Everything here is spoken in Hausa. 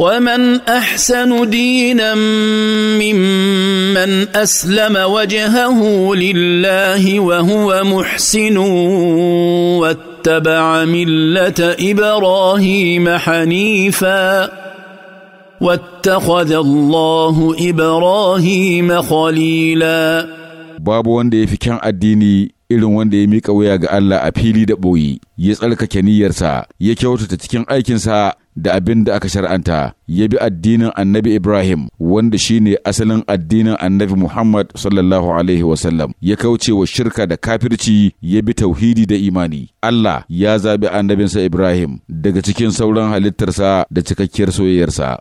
ومن احسن دينا ممن اسلم وجهه لله وهو محسن واتبع مله ابراهيم حنيفا واتخذ الله ابراهيم خليلا babu wanda ya fi kyan addini irin wanda ya miƙa wuya ga Allah a fili da ɓoyi, ya tsarkake niyyarsa, ya kyautata cikin aikinsa da abin da aka shar'anta ya bi addinin annabi Ibrahim wanda shine asalin addinin annabi Muhammad sallallahu Alaihi wasallam ya kauce wa shirka da kafirci ya bi tauhidi da imani. Allah ya zaɓi annabinsa Ibrahim daga cikin sauran halittarsa da cikakkiyar soyayyarsa.